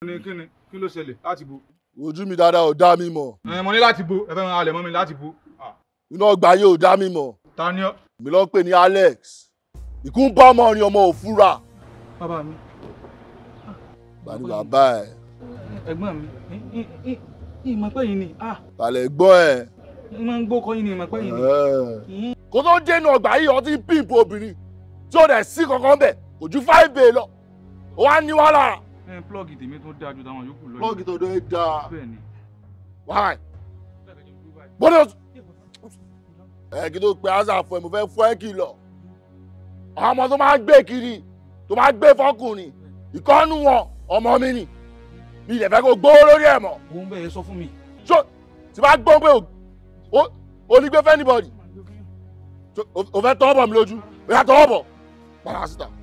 kíni kíni kí ló ṣẹlẹ̀ láti bo. ojú mi dáadáa ò dá mi mọ̀. ẹ mo ní láti bo ẹ fẹ́ máa halẹ̀ mọ́ mi láti bo. Ah. iná ọgbà yẹn ò dá mi mọ̀. ta ni mi lọ pè ní Alex ìkún bá ọmọ rin ọmọ òfúra. bàbá mi. bàbá mi bàbá ẹ. ẹ̀gbọ́n mi ìmọ̀ pé yìí ni. Ah. balẹ̀ gbọ́ ẹ. ìmọ̀ ń gbókọ yìí ni ìmọ̀ pé yìí ni. kó tó dénú ọgbà yìí ọtí pimp obìnrin tí ó dẹ̀ sí kankan bẹ̀ kò ju five bay lọ wọ́n á ní wàhálà. Eh, plọ́ọ̀gì tèmi tó dáa ju táwọn yòókù lọ. plọ́ọ̀gì tó dé dáa. bẹ́ẹ̀ ni. wáyé. bọ́dọ̀ ẹ kí ló pe asa fún ẹ mo fẹ́ fún ẹ kìlọ̀ àwọn ọmọ tó máa ń kiri tó máa ń gbé fọkùnrin ìkọ́nù wọn ọmọ mi nì mi ìdẹ̀ fẹ́ kó gbówó lórí ẹ̀ mọ́. mo ń bẹ̀ ẹ sọ fún mi. so tí o gbọ́ pé onígbé fẹ́ anybody o fẹ́ tọ́ bọ̀ mi lójú o yà tọ́ bọ̀ padà síta.